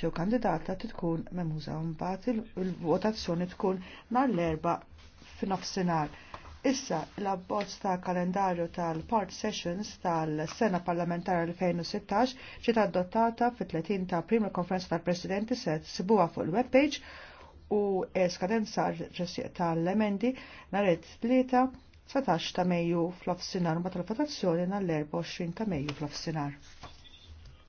jew kandidata tkun memuża mbagħad il-votazzjoni tkun nhar l-erba' f'nofsinhar. Issa l-abbozz ta' kalendarju tal-Part Sessions tal-Sena Parlamentari 2016 ġiet adottata fit-30 ta' prim konferenza tal-Presidenti se sibuha fuq il-webpage u skadenza tal-emendi nhar it-tlieta 17 ta' Mejju fl-ofsinhar ma tal-votazzjoni nhar l-24 ta' Mejju fl-ofsinhar.